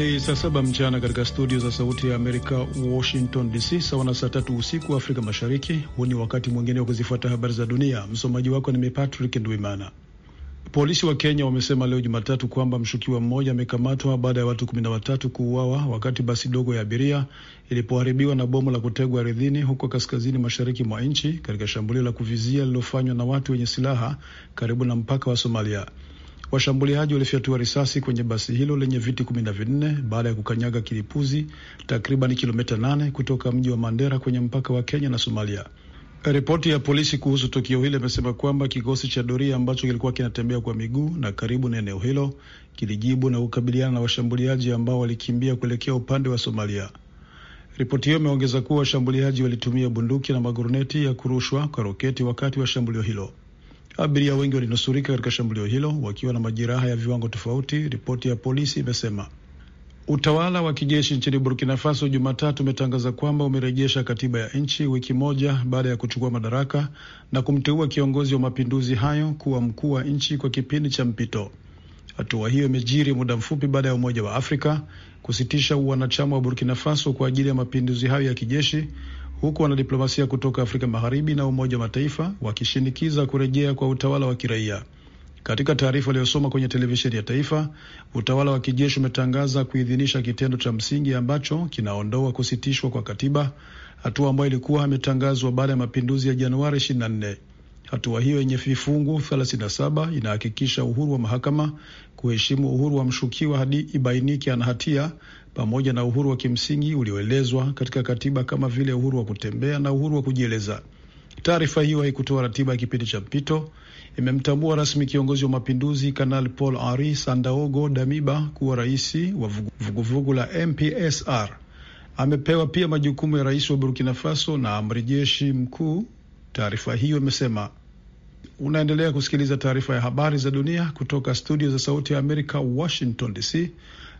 Ni saa saba mchana katika studio za Sauti ya Amerika, Washington DC, sawa na saa tatu usiku wa Afrika Mashariki. Huu ni wakati mwingine wa kuzifuata habari za dunia. Msomaji wako ni Patrick Ndwimana. Polisi wa Kenya wamesema leo Jumatatu kwamba mshukiwa mmoja amekamatwa baada ya watu kumi na watatu kuuawa wakati basi dogo ya abiria ilipoharibiwa na bomu la kutegwa ardhini huko kaskazini mashariki mwa nchi katika shambulio la kuvizia lililofanywa na watu wenye silaha karibu na mpaka wa Somalia. Washambuliaji walifyatua risasi kwenye basi hilo lenye viti kumi na vinne baada ya kukanyaga kilipuzi takriban kilomita nane kutoka mji wa Mandera kwenye mpaka wa Kenya na Somalia. Ripoti ya polisi kuhusu tukio hilo imesema kwamba kikosi cha doria ambacho kilikuwa kinatembea kwa miguu na karibu na eneo hilo kilijibu na kukabiliana na washambuliaji ambao walikimbia kuelekea upande wa Somalia. Ripoti hiyo imeongeza kuwa washambuliaji walitumia bunduki na maguruneti ya kurushwa kwa roketi wakati wa shambulio hilo. Abiria wengi walinusurika katika shambulio hilo wakiwa na majeraha ya viwango tofauti, ripoti ya polisi imesema. Utawala wa kijeshi nchini Burkina Faso Jumatatu umetangaza kwamba umerejesha katiba ya nchi wiki moja baada ya kuchukua madaraka na kumteua kiongozi wa mapinduzi hayo kuwa mkuu wa nchi kwa kipindi cha mpito. Hatua hiyo imejiri muda mfupi baada ya Umoja wa Afrika kusitisha uwanachama wa Burkina Faso kwa ajili ya mapinduzi hayo ya kijeshi huku wanadiplomasia kutoka Afrika Magharibi na Umoja wa Mataifa wakishinikiza kurejea kwa utawala wa kiraia. Katika taarifa iliyosoma kwenye televisheni ya taifa, utawala wa kijeshi umetangaza kuidhinisha kitendo cha msingi ambacho kinaondoa kusitishwa kwa katiba, hatua ambayo ilikuwa imetangazwa baada ya mapinduzi ya Januari Hatua hiyo yenye vifungu 37 inahakikisha uhuru wa mahakama kuheshimu uhuru wa mshukiwa hadi ibainike ana hatia, pamoja na uhuru wa kimsingi ulioelezwa katika katiba kama vile uhuru wa kutembea na uhuru wa kujieleza. Taarifa hiyo haikutoa ratiba ya kipindi cha mpito. Imemtambua rasmi kiongozi wa mapinduzi Kanali Paul Henri Sandaogo Damiba kuwa rais wa vuguvugu vugu la MPSR. Amepewa pia majukumu ya rais wa Burkina Faso na amri jeshi mkuu, taarifa hiyo imesema. Unaendelea kusikiliza taarifa ya habari za dunia kutoka studio za sauti ya Amerika, Washington DC.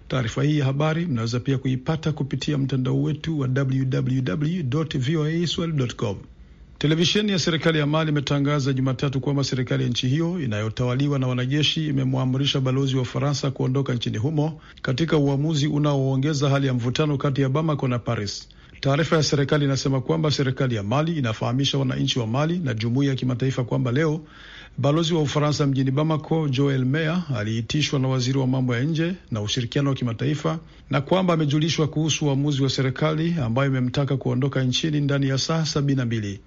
Taarifa hii ya habari mnaweza pia kuipata kupitia mtandao wetu wa www voa swahili com. Televisheni ya serikali ya Mali imetangaza Jumatatu kwamba serikali ya nchi hiyo inayotawaliwa na wanajeshi imemwamrisha balozi wa Ufaransa kuondoka nchini humo katika uamuzi unaoongeza hali ya mvutano kati ya Bamako na Paris. Taarifa ya serikali inasema kwamba serikali ya Mali inafahamisha wananchi wa Mali na jumuiya ya kimataifa kwamba leo balozi wa Ufaransa mjini Bamako, Joel Meyer, aliitishwa na waziri wa mambo ya nje na ushirikiano wa kimataifa na kwamba amejulishwa kuhusu uamuzi wa serikali ambayo imemtaka kuondoka nchini ndani ya saa sabini na mbili.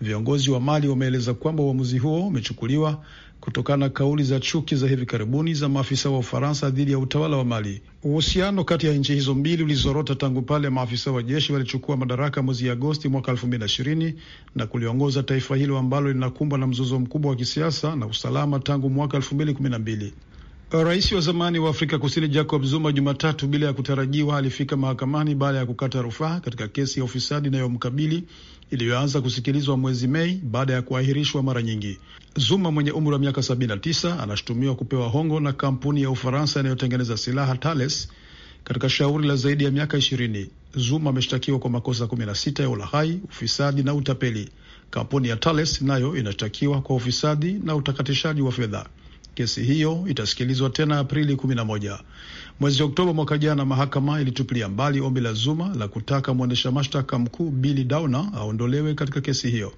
Viongozi wa Mali wameeleza kwamba uamuzi huo umechukuliwa kutokana na kauli za chuki za hivi karibuni za maafisa wa Ufaransa dhidi ya utawala wa Mali. Uhusiano kati ya nchi hizo mbili ulizorota tangu pale maafisa wa jeshi walichukua madaraka mwezi Agosti mwaka 2020 na kuliongoza taifa hilo ambalo linakumbwa na mzozo mkubwa wa kisiasa na usalama tangu mwaka 2012. Rais wa zamani wa Afrika Kusini Jacob Zuma Jumatatu, bila ya kutarajiwa, alifika mahakamani baada ya kukata rufaa katika kesi ya ufisadi inayomkabili iliyoanza kusikilizwa mwezi Mei baada ya kuahirishwa mara nyingi. Zuma mwenye umri wa miaka 79 anashutumiwa kupewa hongo na kampuni ya Ufaransa inayotengeneza silaha Thales katika shauri la zaidi ya miaka ishirini. Zuma ameshtakiwa kwa makosa 16 ya ulahai, ufisadi na utapeli. Kampuni ya Thales nayo inashtakiwa kwa ufisadi na utakatishaji wa fedha. Kesi hiyo itasikilizwa tena Aprili 11. Mwezi Oktoba mwaka jana, mahakama ilitupilia mbali ombi la Zuma la kutaka mwendesha mashtaka mkuu Billy Downer aondolewe katika kesi hiyo.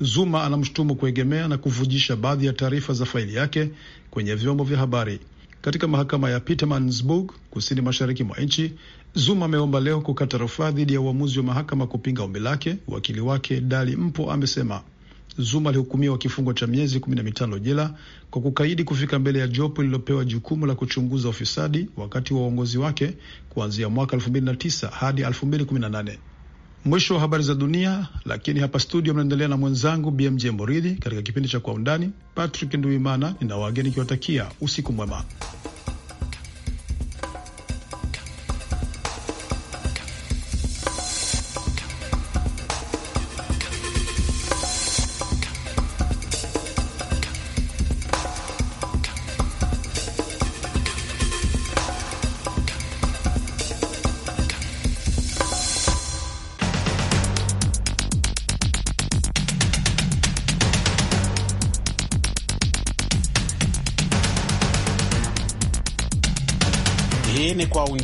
Zuma anamshutumu kuegemea na kuvujisha baadhi ya taarifa za faili yake kwenye vyombo vya habari. Katika mahakama ya Pietermaritzburg kusini mashariki mwa nchi, Zuma ameomba leo kukata rufaa dhidi ya uamuzi wa mahakama kupinga ombi lake. Wakili wake Dali Mpo amesema Zuma alihukumiwa kifungo cha miezi kumi na mitano jela kwa kukaidi kufika mbele ya jopo lililopewa jukumu la kuchunguza ufisadi wakati wa uongozi wake kuanzia mwaka 2009 hadi 2018. Mwisho wa habari za dunia, lakini hapa studio mnaendelea na mwenzangu BMJ Moridhi katika kipindi cha Kwa Undani. Patrick Nduimana nina wageni nikiwatakia usiku mwema.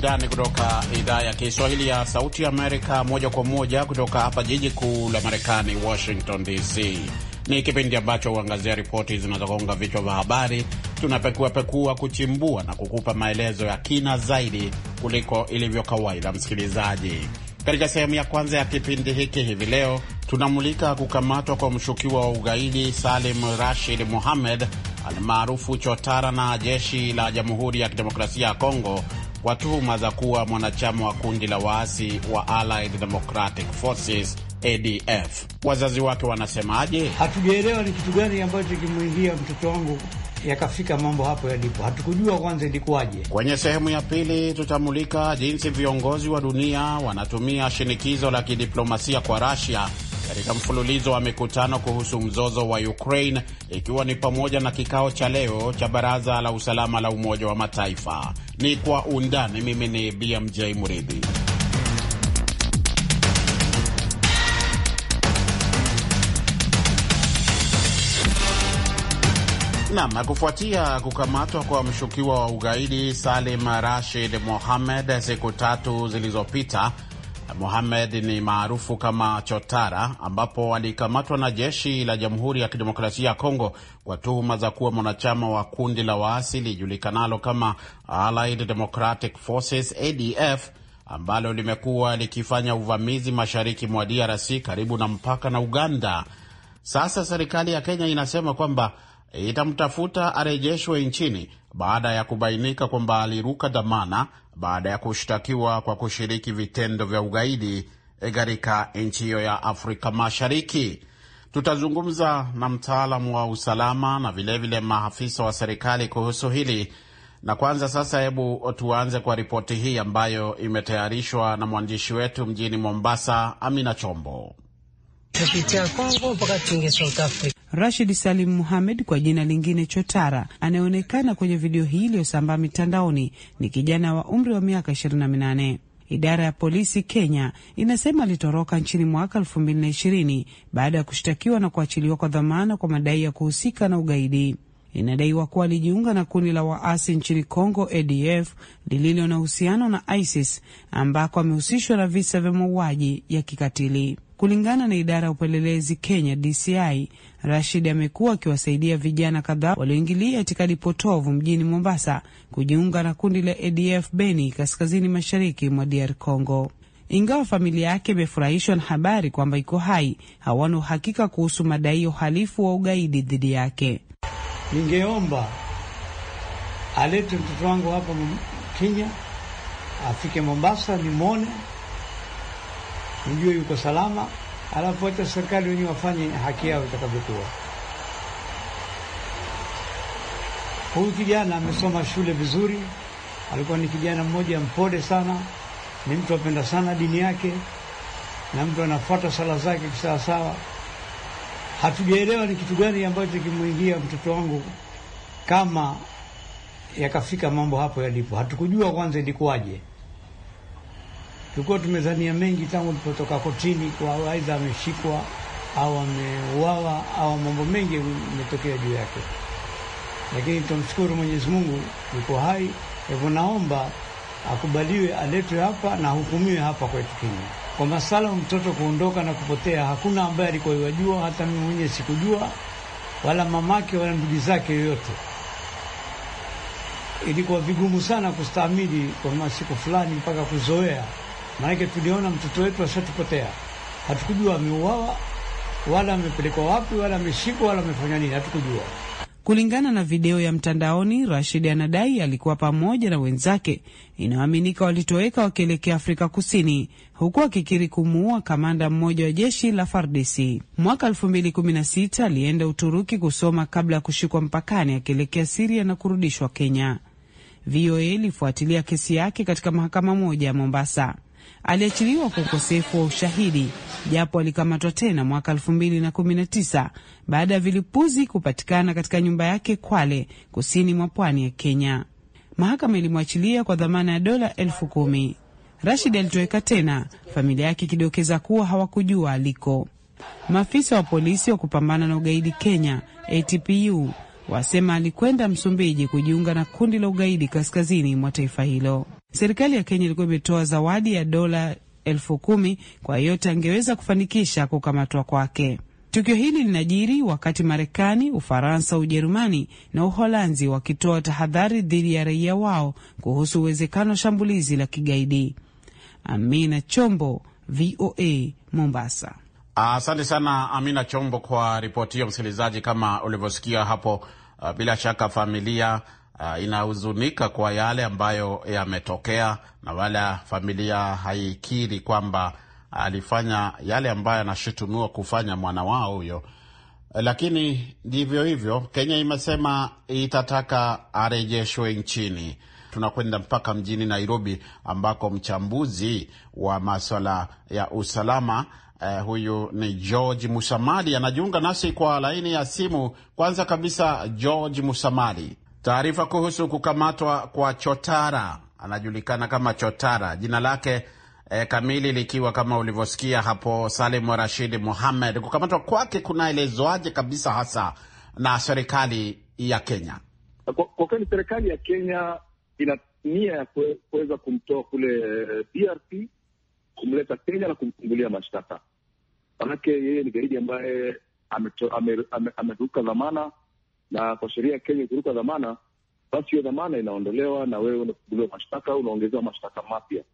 Undani kutoka idhaa ya Kiswahili ya Sauti Amerika, moja kwa moja kutoka hapa jiji kuu la Marekani, Washington DC. Ni kipindi ambacho huangazia ripoti zinazogonga vichwa vya habari. Tunapekuapekua, kuchimbua na kukupa maelezo ya kina zaidi kuliko ilivyo kawaida. Msikilizaji, katika sehemu ya kwanza ya kipindi hiki hivi leo tunamulika kukamatwa kwa mshukiwa wa ugaidi Salim Rashid muhamed almaarufu Chotara na jeshi la Jamhuri ya Kidemokrasia ya Kongo kwa tuhuma za kuwa mwanachama wa kundi la waasi wa Allied Democratic Forces ADF. Wazazi wake wanasemaje? Hatujaelewa ni kitu gani ambacho kimwingia mtoto wangu yakafika mambo hapo yalipo, hatukujua kwanza ilikuwaje. Kwenye sehemu ya pili tutamulika jinsi viongozi wa dunia wanatumia shinikizo la kidiplomasia kwa Russia katika mfululizo wa mikutano kuhusu mzozo wa Ukraine, ikiwa ni pamoja na kikao cha leo cha Baraza la Usalama la Umoja wa Mataifa. Ni kwa undani. Mimi ni BMJ Muridhi. Nam, kufuatia kukamatwa kwa mshukiwa wa ugaidi Salim Rashid Mohamed siku tatu zilizopita Mohamed ni maarufu kama Chotara, ambapo alikamatwa na jeshi la Jamhuri ya Kidemokrasia ya Kongo kwa tuhuma za kuwa mwanachama wa kundi la waasi lijulikanalo kama Allied Democratic Forces ADF ambalo limekuwa likifanya uvamizi mashariki mwa DRC karibu na mpaka na Uganda. Sasa serikali ya Kenya inasema kwamba itamtafuta arejeshwe nchini baada ya kubainika kwamba aliruka dhamana baada ya kushtakiwa kwa kushiriki vitendo vya ugaidi katika nchi hiyo ya Afrika Mashariki. Tutazungumza na mtaalamu wa usalama na vilevile vile maafisa wa serikali kuhusu hili. Na kwanza sasa, hebu tuanze kwa ripoti hii ambayo imetayarishwa na mwandishi wetu mjini Mombasa, Amina Chombo kupitia Kongo mpaka tuingie South Africa. Rashid Salim Muhamed kwa jina lingine Chotara, anayeonekana kwenye video hii iliyosambaa mitandaoni ni kijana wa umri wa miaka 28. Idara ya polisi Kenya inasema alitoroka nchini mwaka ishirini baada ya kushtakiwa na kuachiliwa kwa dhamana kwa madai ya kuhusika na ugaidi. Inadaiwa kuwa alijiunga na kundi la waasi nchini Congo, ADF, lililo na uhusiano na ISIS ambako amehusishwa na visa vya mauaji ya kikatili. Kulingana na idara ya upelelezi Kenya DCI, Rashid amekuwa akiwasaidia vijana kadhaa walioingilia itikadi potovu mjini Mombasa kujiunga na kundi la ADF Beni, kaskazini mashariki mwa DR Congo. Ingawa familia yake imefurahishwa na habari kwamba iko hai, hawana uhakika kuhusu madai ya uhalifu wa ugaidi dhidi yake. Ningeomba alete mtoto wangu hapa Kenya, afike Mombasa nimwone mjue yuko salama, alafu hata serikali wenyewe wafanye haki yao itakavyokuwa. Huyu kijana amesoma shule vizuri, alikuwa ni kijana mmoja mpole sana, ni mtu apenda sana dini yake na mtu anafuata sala zake kisawasawa. Hatujaelewa ni kitu gani ambacho kimwingia mtoto wangu kama yakafika mambo hapo yalipo. Hatukujua kwanza ilikuwaje. Tulikuwa tumezania mengi tangu tulipotoka kotini, kwa aidha ameshikwa au ameuawa au mambo mengi yametokea juu yake, lakini tumshukuru Mwenyezi Mungu yuko hai. Hivyo naomba akubaliwe, aletwe hapa na hukumiwe hapa kwetu Kenya. Kwa masala mtoto kuondoka na kupotea, hakuna ambaye alikuwa yajua, hata mimi mwenyewe sikujua, wala mamake wala ndugu zake yoyote. Ilikuwa vigumu sana kustahimili kwa masiku fulani mpaka kuzoea maanake tuliona mtoto wetu asatupotea. Hatukujua ameuawa wala amepelekwa wapi wala ameshikwa wala amefanya nini, hatukujua. Kulingana na video ya mtandaoni, Rashid anadai alikuwa pamoja na wenzake inayoaminika walitoweka wakielekea Afrika Kusini, huku akikiri kumuua kamanda mmoja wa jeshi la Fardisi. Mwaka 2016 alienda Uturuki kusoma kabla ya kushikwa mpakani akielekea Siria na kurudishwa Kenya. VOA ilifuatilia kesi yake katika mahakama moja ya Mombasa aliachiliwa kwa ukosefu wa ushahidi, japo alikamatwa tena mwaka tisa baada ya vilipuzi kupatikana katika nyumba yake Kwale, kusini mwa pwani ya Kenya. Mahakama ilimwachilia kwa dhamana ya dola elfu kumi. Rashid alitoweka tena, familia yake ikidokeza kuwa hawakujua aliko. Maafisa wa polisi wa kupambana na ugaidi Kenya, ATPU, wasema alikwenda Msumbiji kujiunga na kundi la ugaidi kaskazini mwa taifa hilo. Serikali ya Kenya ilikuwa imetoa zawadi ya dola elfu kumi kwa yeyote angeweza kufanikisha kukamatwa kwake. Tukio hili linajiri wakati Marekani, Ufaransa, Ujerumani na Uholanzi wakitoa tahadhari dhidi ya raia wao kuhusu uwezekano wa shambulizi la kigaidi. Amina Chombo, VOA, Mombasa. Asante sana Amina Chombo kwa ripoti hiyo. Msikilizaji, kama ulivyosikia hapo, uh, bila shaka familia uh, inahuzunika kwa yale ambayo yametokea, na wala familia haikiri kwamba alifanya yale ambayo anashutumiwa kufanya mwana wao huyo. Eh, lakini ndivyo hivyo, Kenya imesema itataka arejeshwe nchini. Tunakwenda mpaka mjini Nairobi ambako mchambuzi wa maswala ya usalama eh, huyu ni George Musamali anajiunga nasi kwa laini ya simu. Kwanza kabisa, George Musamali, Taarifa kuhusu kukamatwa kwa Chotara, anajulikana kama Chotara, jina lake e, kamili likiwa kama ulivyosikia hapo, Salim Rashid muhamed Kukamatwa kwake kunaelezwaje kabisa hasa na serikali ya Kenya? Kwa kweli serikali ya Kenya ina nia ya kuweza kumtoa kule eh, DRC kumleta Kenya na kumfungulia mashtaka, manake yeye ni gaidi ambaye ameruka dhamana na kwa sheria ya Kenya ukiruka dhamana, basi hiyo dhamana inaondolewa na wewe unafunguliwa mashtaka, unaongezewa mashtaka mapya.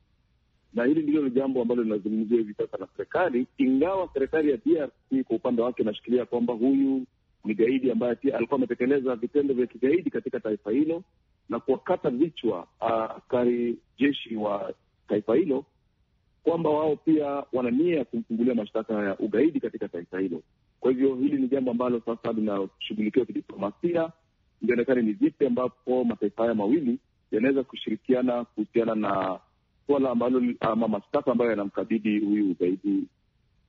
Na hili ndilo jambo ambalo linazungumziwa hivi sasa na serikali, ingawa serikali ya DRC kwa upande wake inashikilia kwamba huyu ni gaidi ambaye pia alikuwa ametekeleza vitendo vya kigaidi katika taifa hilo na kuwakata vichwa ah, askari uh, jeshi wa taifa hilo, kwamba wao pia wana nia ya kumfungulia mashtaka ya ugaidi katika taifa hilo. Kwa hivyo hili ni jambo ambalo sasa linashughulikiwa kidiplomasia, lionekane ni vipi ambapo mataifa haya mawili yanaweza kushirikiana kuhusiana na suala ambalo ama mashtaka ambayo yanamkabidi huyu ugaidi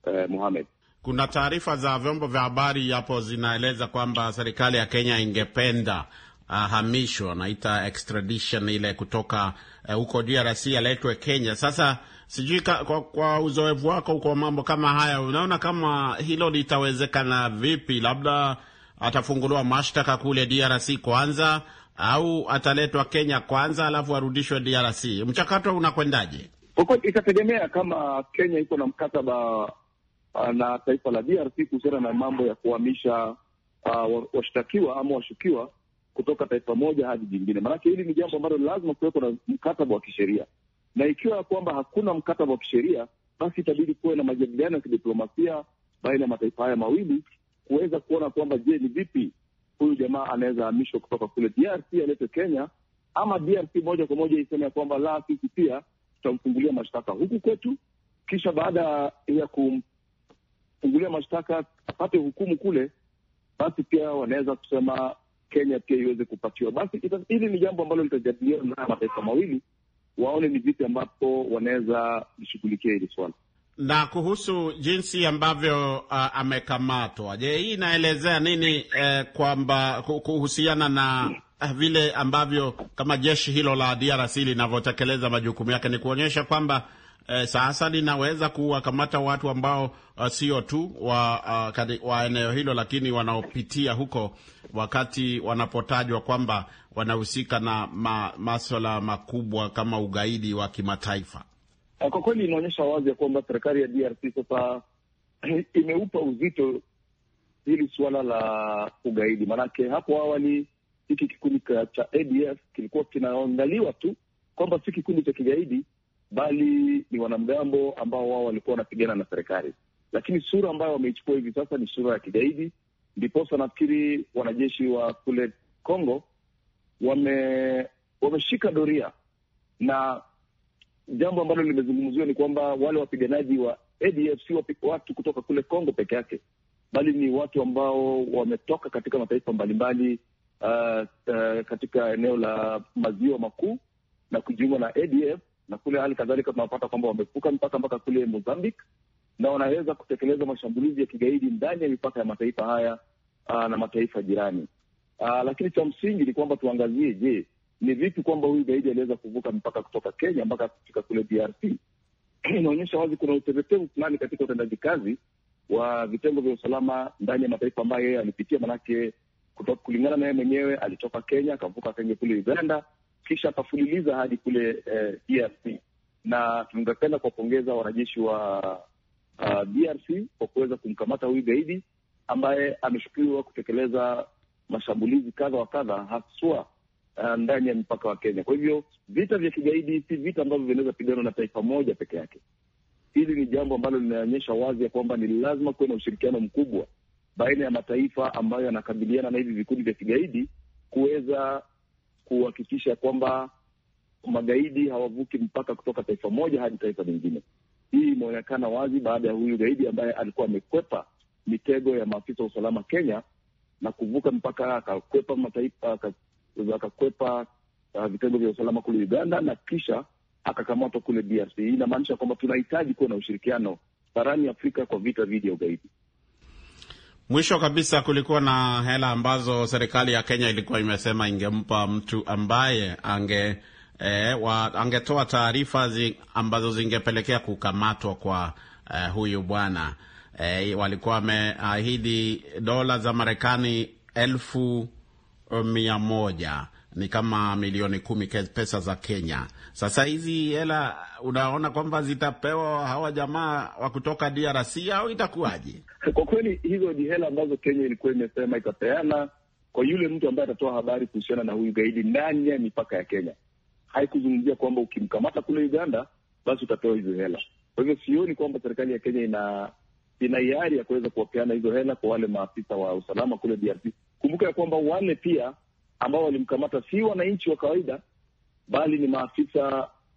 eh, Mohamed. Kuna taarifa za vyombo vya habari hapo zinaeleza kwamba serikali ya Kenya ingependa ahamishwa ah, wanaita extradition ile kutoka eh, huko uh, DRC aletwe Kenya. Sasa sijui kwa, kwa uzoefu wako kwa mambo kama haya, unaona kama hilo litawezekana vipi? Labda atafunguliwa mashtaka kule DRC kwanza au ataletwa Kenya kwanza alafu arudishwe DRC? Mchakato unakwendaje huko? Itategemea kama Kenya iko na mkataba ah, na taifa la DRC kuhusiana na mambo ya kuhamisha uh, washtakiwa ama washukiwa kutoka taifa moja hadi jingine. Maanake hili ni jambo ambalo lazima kuweko na mkataba wa kisheria, na ikiwa ya kwamba hakuna mkataba wa kisheria, basi itabidi kuwe na majadiliano ya kidiplomasia baina ya mataifa haya mawili kuweza kuona kwamba, je, ni vipi huyu jamaa anaweza hamishwa kutoka kule DRC aletwe Kenya, ama DRC moja kwa moja iseme ya kwamba la, sisi pia tutamfungulia mashtaka huku kwetu, kisha baada ya kumfungulia mashtaka apate hukumu kule, basi pia wanaweza kusema Kenya pia iweze kupatiwa. Basi hili ni jambo ambalo litajadiliwa na mataifa mawili, waone ni vipi ambapo wanaweza lishughulikia hili swala na kuhusu jinsi ambavyo uh, amekamatwa. Je, hii inaelezea nini eh, kwamba kuhusiana na uh, vile ambavyo kama jeshi hilo la DRC linavyotekeleza majukumu yake? Ni kuonyesha kwamba eh, sasa linaweza kuwakamata watu ambao eh, sio tu wa, eh, wa eneo hilo lakini wanaopitia huko wakati wanapotajwa kwamba wanahusika na ma, maswala makubwa kama ugaidi wa kimataifa. Ah, kwa kweli inaonyesha wazi ya kwamba serikali ya DRC sasa imeupa uzito hili suala la ugaidi, maanake hapo awali hiki kikundi cha ADF kilikuwa kinaangaliwa tu kwamba si kikundi cha kigaidi, bali ni wanamgambo ambao wao walikuwa wanapigana na serikali, lakini sura ambayo wameichukua hivi sasa ni sura ya kigaidi. Ndiposa nafikiri wanajeshi wa kule Congo wame wameshika doria, na jambo ambalo limezungumziwa ni kwamba wale wapiganaji wa ADF si watu kutoka kule Congo peke yake, bali ni watu ambao wametoka katika mataifa mbalimbali uh, uh, katika eneo la maziwa makuu na kujiunga na ADF na kule hali kadhalika tunapata kwamba wamevuka mpaka mpaka kule Mozambique na wanaweza kutekeleza mashambulizi ya kigaidi ndani ya mipaka ya mataifa haya aa, na mataifa jirani aa, lakini cha msingi ni kwamba tuangazie, je, ni vipi kwamba huyu gaidi aliweza kuvuka mpaka kutoka Kenya mpaka kufika kule DRC? Inaonyesha wazi kuna utevetevu fulani katika utendaji kazi wa vitengo vya usalama ndani ya mataifa ambayo yeye alipitia, manake kulingana na yeye mwenyewe alitoka Kenya akavuka akaingia kule Uganda kisha akafululiza hadi kule eh, DRC na tungependa kuwapongeza wanajeshi wa uh, DRC kwa kuweza kumkamata huyu gaidi ambaye ameshukiwa kutekeleza mashambulizi kadha wa kadha haswa uh, ndani ya mpaka wa Kenya. Kwa hivyo vita vya kigaidi si vita ambavyo vinaweza piganwa na taifa moja peke yake. Hili ni jambo ambalo linaonyesha wazi ya kwamba ni lazima kuwe na ushirikiano mkubwa baina ya mataifa ambayo yanakabiliana na hivi vikundi vya kigaidi kuweza kuhakikisha kwamba magaidi hawavuki mpaka kutoka taifa moja hadi taifa lingine. Hii imeonekana wazi baada ya huyu gaidi ambaye alikuwa amekwepa mitego ya maafisa wa usalama Kenya na kuvuka mpaka akakwepa mataifa akakwepa uh, vitengo vya usalama kule Uganda na kisha akakamatwa kule DRC. Hii inamaanisha kwamba tunahitaji kuwa na ushirikiano barani Afrika kwa vita dhidi ya ugaidi. Mwisho kabisa, kulikuwa na hela ambazo serikali ya Kenya ilikuwa imesema ingempa mtu ambaye ange E, wa, angetoa taarifa zi, ambazo zingepelekea kukamatwa kwa uh, huyu bwana e, walikuwa wameahidi dola za Marekani elfu e, mia moja ni kama milioni kumi pesa za Kenya. Sasa hizi hela unaona kwamba zitapewa hawa jamaa wa kutoka DRC au itakuwaje? Kwa kweli hizo ni hela ambazo Kenya ilikuwa imesema itapeana kwa yule mtu ambaye atatoa habari kuhusiana na huyu gaidi ndani ya mipaka ya Kenya. Haikuzungumzia kwamba ukimkamata kule Uganda basi utapewa hizo hela. Kwa hivyo sioni kwamba serikali ya Kenya ina ina hiari ya kuweza kuwapeana hizo hela kwa wale maafisa wa usalama kule DRC. Kumbuka ya kwamba wale pia ambao walimkamata si wananchi wa kawaida, bali ni maafisa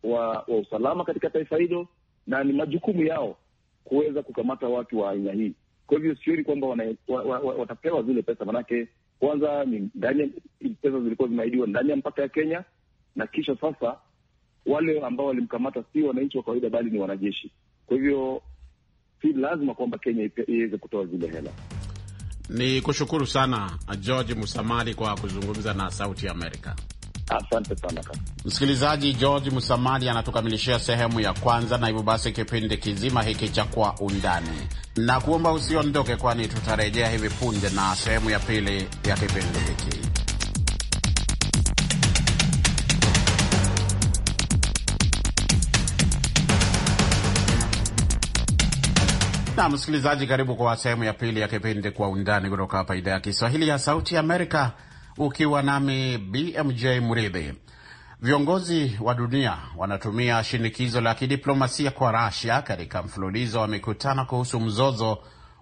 wa, wa usalama katika taifa hilo, na ni majukumu yao kuweza kukamata watu wa aina hii. Kwa hivyo sioni kwamba wa, wa, watapewa zile pesa, manake kwanza ni ndani, pesa zilikuwa zimeahidiwa ndani ya mpaka ya Kenya, na kisha sasa wale ambao walimkamata si wananchi wa kawaida, bali ni wanajeshi. Kwa hivyo si lazima kwamba Kenya iweze kutoa zile hela. Ni kushukuru sana George Musamali kwa kuzungumza na Sauti ya Amerika. Asante sana msikilizaji. George Musamali anatukamilishia sehemu ya kwanza, na hivyo basi kipindi kizima hiki cha Kwa Undani na kuomba usiondoke, kwani tutarejea hivi punde na sehemu ya pili ya kipindi hiki. Na msikilizaji, karibu kwa sehemu ya pili ya kipindi Kwa Undani kutoka hapa idhaa ya Kiswahili ya Sauti Amerika ukiwa nami BMJ Mridhi. Viongozi wa dunia wanatumia shinikizo la kidiplomasia kwa Russia katika mfululizo wa mikutano kuhusu mzozo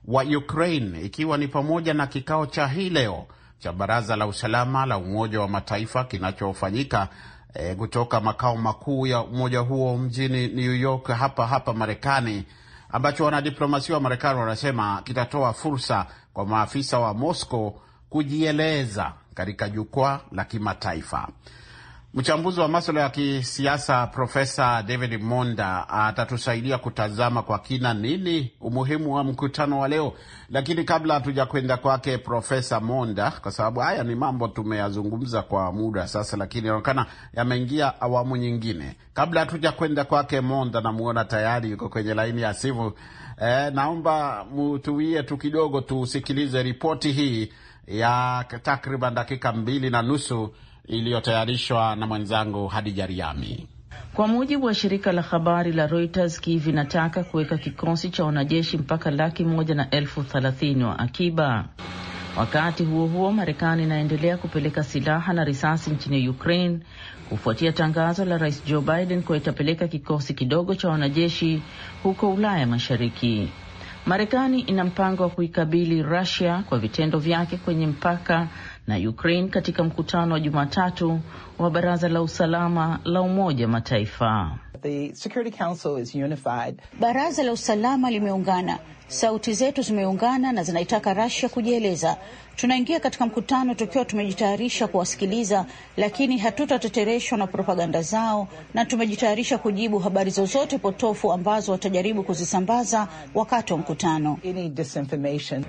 wa Ukraine, ikiwa ni pamoja na kikao cha hii leo cha Baraza la Usalama la Umoja wa Mataifa kinachofanyika e, kutoka makao makuu ya umoja huo mjini New York hapa hapa Marekani, ambacho wanadiplomasia wa Marekani wanasema kitatoa fursa kwa maafisa wa Moscow kujieleza katika jukwaa la kimataifa. Mchambuzi wa maswala ya kisiasa Profesa David Monda atatusaidia kutazama kwa kina nini umuhimu wa mkutano wa leo. Lakini kabla hatuja kwenda kwake Profesa Monda, kwa sababu haya ni mambo tumeyazungumza kwa muda sasa, lakini inaonekana yameingia awamu nyingine. Kabla hatuja kwenda kwake Monda, namuona tayari yuko kwenye laini ya simu. Eh, naomba mutuwie tu kidogo tusikilize ripoti hii ya takriban dakika mbili na nusu iliyotayarishwa na mwenzangu Hadija Riami. Kwa mujibu wa shirika la habari la Reuters, Kiev inataka kuweka kikosi cha wanajeshi mpaka laki moja na elfu thelathini wa akiba. Wakati huo huo, Marekani inaendelea kupeleka silaha na risasi nchini Ukraine kufuatia tangazo la Rais Joe Biden kuwa itapeleka kikosi kidogo cha wanajeshi huko Ulaya Mashariki. Marekani ina mpango wa kuikabili rasia kwa vitendo vyake kwenye mpaka na Ukraine katika mkutano wa Jumatatu wa Baraza la Usalama la Umoja Mataifa. The Security Council is unified. Baraza la Usalama limeungana, sauti zetu zimeungana na zinaitaka rasia kujieleza Tunaingia katika mkutano tukiwa tumejitayarisha kuwasikiliza, lakini hatutatetereshwa na propaganda zao, na tumejitayarisha kujibu habari zozote potofu ambazo watajaribu kuzisambaza wakati wa mkutano.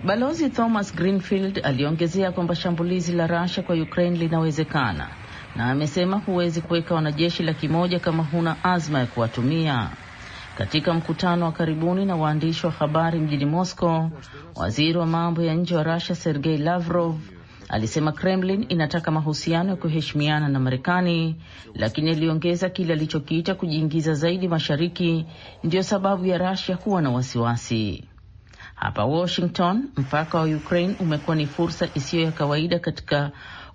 Balozi Thomas Greenfield aliongezea kwamba shambulizi la Russia kwa Ukraine linawezekana, na amesema huwezi kuweka wanajeshi laki moja kama huna azma ya kuwatumia. Katika mkutano wa karibuni na waandishi wa habari mjini Moscow, waziri wa mambo ya nje wa Russia Sergei Lavrov alisema Kremlin inataka mahusiano ya kuheshimiana na Marekani, lakini aliongeza kile alichokiita kujiingiza zaidi mashariki ndiyo sababu ya Russia kuwa na wasiwasi. Hapa Washington, mpaka wa Ukraine umekuwa ni fursa isiyo ya kawaida katika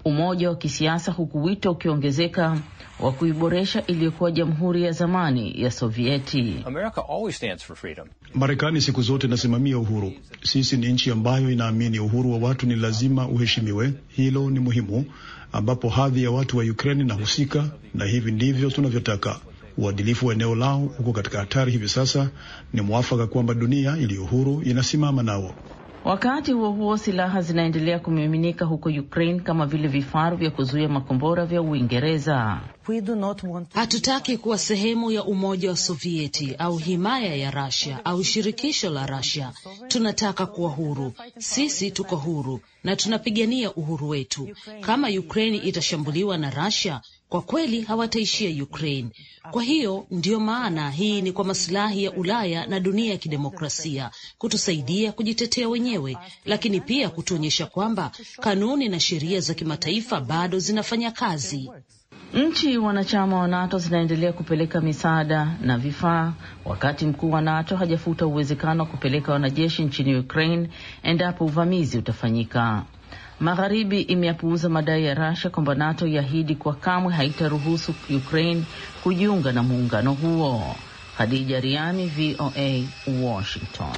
umoja wa kisiasa, huku wito ukiongezeka wa kuiboresha iliyokuwa jamhuri ya zamani ya Sovieti. Marekani siku zote inasimamia uhuru. Sisi ni nchi ambayo inaamini uhuru wa watu ni lazima uheshimiwe, hilo ni muhimu, ambapo hadhi ya watu wa Ukraini inahusika, na hivi ndivyo tunavyotaka. Uadilifu wa eneo lao uko katika hatari hivi sasa, ni mwafaka kwamba dunia iliyo huru inasimama nao. Wakati huo huo, silaha zinaendelea kumiminika huko Ukraine kama vile vifaru vya kuzuia makombora vya Uingereza. Hatutaki kuwa sehemu ya Umoja wa Sovieti au himaya ya Rasia au shirikisho la Rasia. Tunataka kuwa huru. Sisi tuko huru na tunapigania uhuru wetu. Kama Ukraini itashambuliwa na Rasia, kwa kweli hawataishia Ukraine. Kwa hiyo ndiyo maana hii ni kwa masilahi ya Ulaya na dunia ya kidemokrasia kutusaidia kujitetea wenyewe, lakini pia kutuonyesha kwamba kanuni na sheria za kimataifa bado zinafanya kazi. Nchi wanachama wa NATO zinaendelea kupeleka misaada na vifaa, wakati mkuu wa NATO hajafuta uwezekano wa kupeleka wanajeshi nchini Ukraine endapo uvamizi utafanyika. Magharibi imeyapuuza madai ya rasha kwamba NATO yahidi kwa kamwe haitaruhusu Ukraine kujiunga na muungano huo. Hadija Riami, VOA, Washington.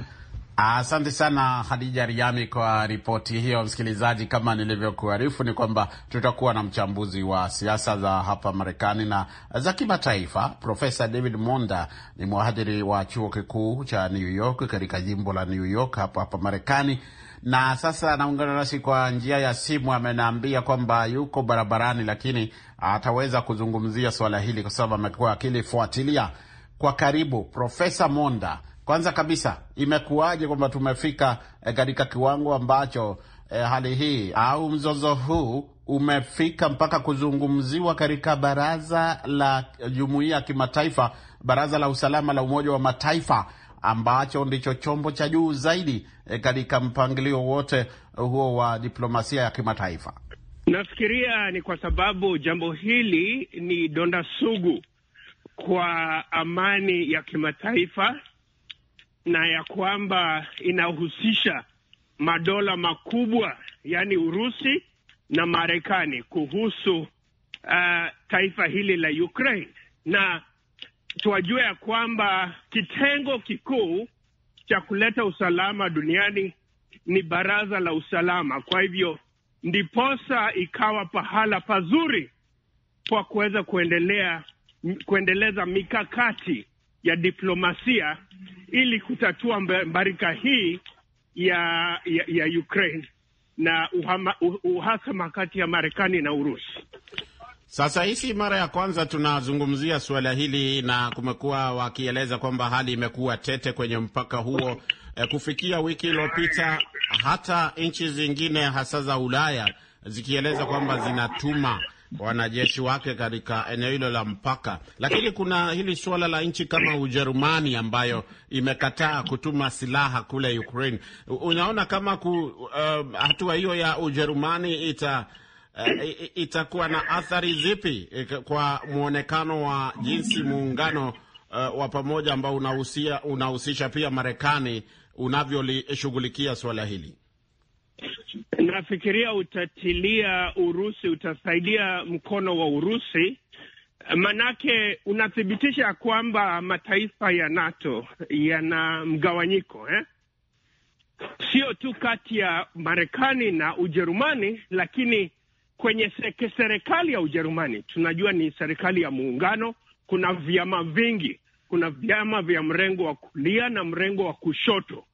Asante sana Hadija Riami kwa ripoti hiyo. Msikilizaji, kama nilivyokuarifu ni kwamba tutakuwa na mchambuzi wa siasa za hapa Marekani na za kimataifa. Profesa David Monda ni mhadhiri wa chuo kikuu cha New York katika jimbo la New York hapa hapa Marekani na sasa anaungana nasi kwa njia ya simu, amenaambia kwamba yuko barabarani, lakini ataweza kuzungumzia swala hili kwa sababu amekuwa akilifuatilia kwa karibu. Profesa Monda, kwanza kabisa, imekuwaje kwamba tumefika eh, katika e, kiwango ambacho e, hali hii au mzozo huu umefika mpaka kuzungumziwa katika baraza la jumuiya ya kimataifa, baraza la usalama la Umoja wa Mataifa ambacho ndicho chombo cha juu zaidi e, katika mpangilio wote huo wa diplomasia ya kimataifa? Nafikiria ni kwa sababu jambo hili ni donda sugu kwa amani ya kimataifa na ya kwamba inahusisha madola makubwa yaani Urusi na Marekani kuhusu uh, taifa hili la Ukraine, na tuwajue ya kwamba kitengo kikuu cha kuleta usalama duniani ni Baraza la Usalama. Kwa hivyo ndiposa ikawa pahala pazuri kwa kuweza kuendelea kuendeleza mikakati ya diplomasia ili kutatua mbarika hii ya, ya, ya Ukraine na uhama, uhasama kati ya Marekani na Urusi. Sasa hivi mara ya kwanza tunazungumzia suala hili, na kumekuwa wakieleza kwamba hali imekuwa tete kwenye mpaka huo e, kufikia wiki iliyopita, hata nchi zingine hasa za Ulaya zikieleza kwamba zinatuma wanajeshi wake katika eneo hilo la mpaka, lakini kuna hili suala la nchi kama Ujerumani ambayo imekataa kutuma silaha kule Ukraine. Unaona kama ku, uh, hatua hiyo ya Ujerumani ita eh, itakuwa na athari zipi eh, kwa mwonekano wa jinsi muungano eh, wa pamoja ambao unahusia unahusisha pia Marekani unavyolishughulikia suala hili? Nafikiria utatilia Urusi, utasaidia mkono wa Urusi, manake unathibitisha kwamba mataifa ya NATO yana mgawanyiko eh? Sio tu kati ya Marekani na Ujerumani, lakini kwenye serikali ya Ujerumani tunajua ni serikali ya muungano. Kuna vyama vingi, kuna vyama vya mrengo wa kulia na mrengo wa kushoto.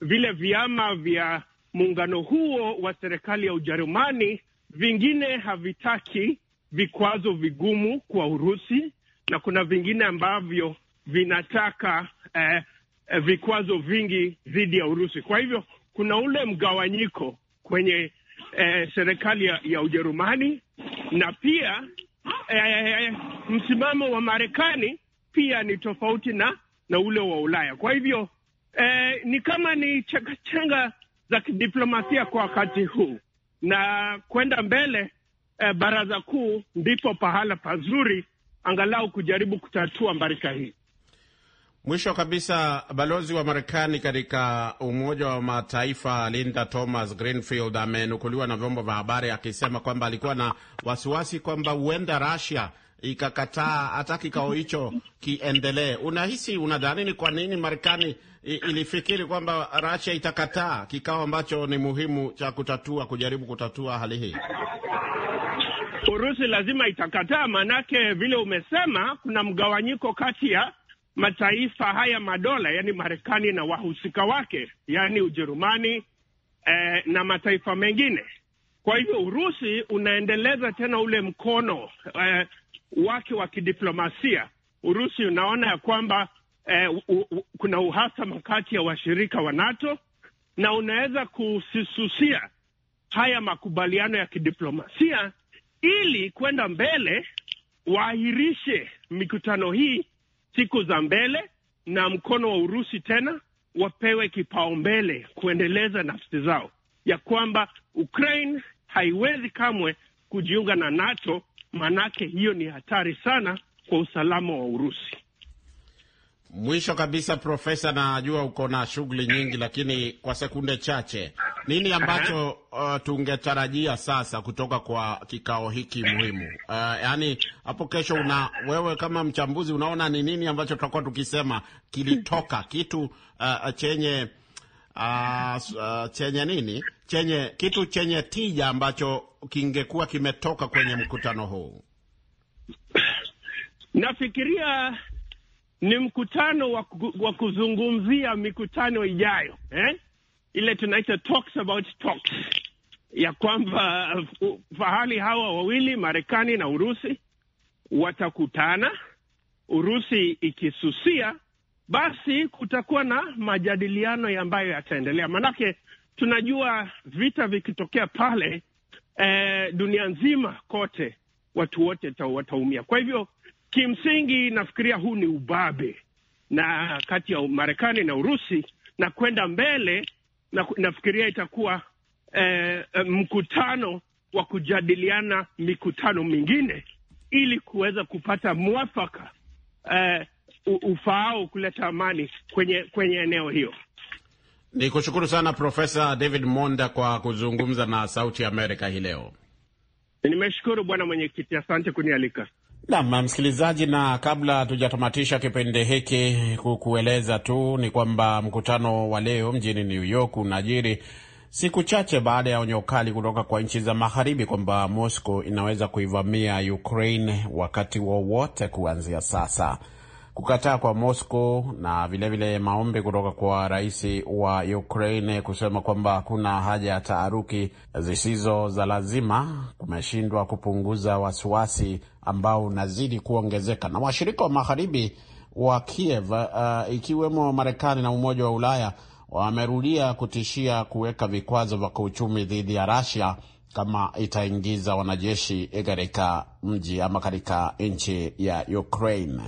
Vile vyama vya muungano huo wa serikali ya Ujerumani vingine havitaki vikwazo vigumu kwa Urusi, na kuna vingine ambavyo vinataka eh, eh vikwazo vingi dhidi ya Urusi. Kwa hivyo kuna ule mgawanyiko kwenye eh, serikali ya, ya Ujerumani na pia eh, msimamo wa Marekani pia ni tofauti na, na ule wa Ulaya. Kwa hivyo eh, ni kama ni chengachenga za kidiplomasia kwa wakati huu na kwenda mbele. Eh, baraza kuu ndipo pahala pazuri angalau kujaribu kutatua mbarika hii. Mwisho kabisa, balozi wa Marekani katika Umoja wa Mataifa Linda Thomas Greenfield amenukuliwa na vyombo vya habari akisema kwamba alikuwa na wasiwasi kwamba huenda Russia ikakataa hata kikao hicho kiendelee. Unahisi, unadhani ni kwa nini Marekani ilifikiri kwamba Russia itakataa kikao ambacho ni muhimu cha kutatua, kujaribu kutatua hali hii? Urusi lazima itakataa, maanake vile umesema, kuna mgawanyiko kati ya mataifa haya madola, yani Marekani na wahusika wake, yani Ujerumani eh, na mataifa mengine. Kwa hivyo Urusi unaendeleza tena ule mkono eh, wake wa kidiplomasia. Urusi unaona ya kwamba eh, u, u, kuna uhasama kati ya washirika wa NATO na unaweza kusisusia haya makubaliano ya kidiplomasia ili kwenda mbele waahirishe mikutano hii siku za mbele na mkono wa Urusi tena wapewe kipaumbele kuendeleza nafsi zao ya kwamba Ukraine haiwezi kamwe kujiunga na NATO, maanake hiyo ni hatari sana kwa usalama wa Urusi. Mwisho kabisa, Profesa, najua uko na shughuli nyingi, lakini kwa sekunde chache, nini ambacho uh, tungetarajia sasa kutoka kwa kikao hiki muhimu? Uh, yaani hapo kesho, una wewe kama mchambuzi, unaona ni nini ambacho tutakuwa tukisema kilitoka kitu uh, chenye uh, uh, chenye nini chenye kitu chenye tija ambacho kingekuwa kimetoka kwenye mkutano huu? Nafikiria ni mkutano wa, wa kuzungumzia mikutano ijayo eh? Ile tunaita talks about talks, ya kwamba uh, fahali hawa wawili Marekani na Urusi watakutana. Urusi ikisusia, basi kutakuwa na majadiliano ambayo yataendelea, maanake tunajua vita vikitokea pale eh, dunia nzima kote watu wote wataumia. Kwa hivyo Kimsingi nafikiria huu ni ubabe na kati ya Marekani na Urusi, na kwenda mbele na, nafikiria itakuwa eh, mkutano wa kujadiliana mikutano mingine ili kuweza kupata mwafaka eh, ufaao kuleta amani kwenye kwenye eneo hiyo. Ni kushukuru sana Profesa David Monda kwa kuzungumza na Sauti ya Amerika hii leo. Nimeshukuru bwana mwenyekiti, asante kunialika nam msikilizaji, na kabla tujatamatisha kipindi hiki, kukueleza tu ni kwamba mkutano wa leo mjini New York unajiri siku chache baada ya onyo kali kutoka kwa nchi za magharibi kwamba Moscow inaweza kuivamia Ukraine wakati wowote wa kuanzia sasa. Kukataa kwa Moscow na vilevile vile maombi kutoka kwa rais wa Ukraine kusema kwamba kuna haja ya taharuki zisizo za lazima kumeshindwa kupunguza wasiwasi ambao unazidi kuongezeka, na washirika wa magharibi wa Kiev uh, ikiwemo Marekani na Umoja wa Ulaya wamerudia kutishia kuweka vikwazo vya kiuchumi dhidi ya Russia kama itaingiza wanajeshi katika mji ama katika nchi ya Ukraine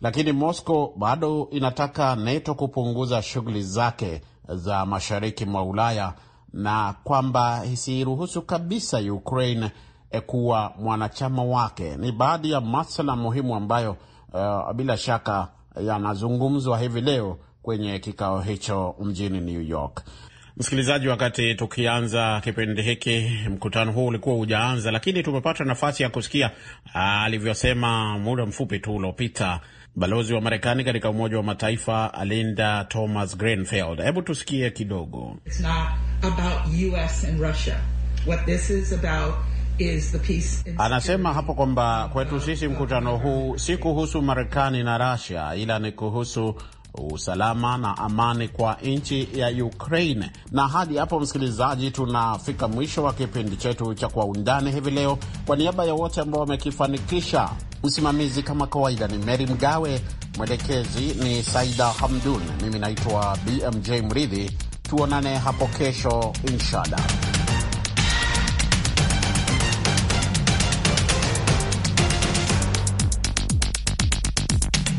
lakini Moscow bado inataka NATO kupunguza shughuli zake za mashariki mwa Ulaya na kwamba isiruhusu kabisa Ukraine eh, kuwa mwanachama wake. Ni baadhi ya masuala muhimu ambayo uh, bila shaka yanazungumzwa hivi leo kwenye kikao hicho mjini New York. Msikilizaji, wakati tukianza kipindi hiki, mkutano huu ulikuwa hujaanza, lakini tumepata nafasi ya kusikia ah, alivyosema muda mfupi tu uliopita Balozi wa Marekani katika Umoja wa Mataifa alinda Thomas Greenfield, hebu tusikie kidogo. It's not about US and Russia. What this is about Anasema hapo kwamba kwetu sisi mkutano huu si kuhusu Marekani na Rasia, ila ni kuhusu usalama na amani kwa nchi ya Ukraine. Na hadi hapo, msikilizaji, tunafika mwisho wa kipindi chetu cha Kwa Undani hivi leo. Kwa niaba ya wote ambao wamekifanikisha, msimamizi kama kawaida ni Meri Mgawe, mwelekezi ni Saida Hamdun, mimi naitwa BMJ Mridhi. Tuonane hapo kesho, inshallah.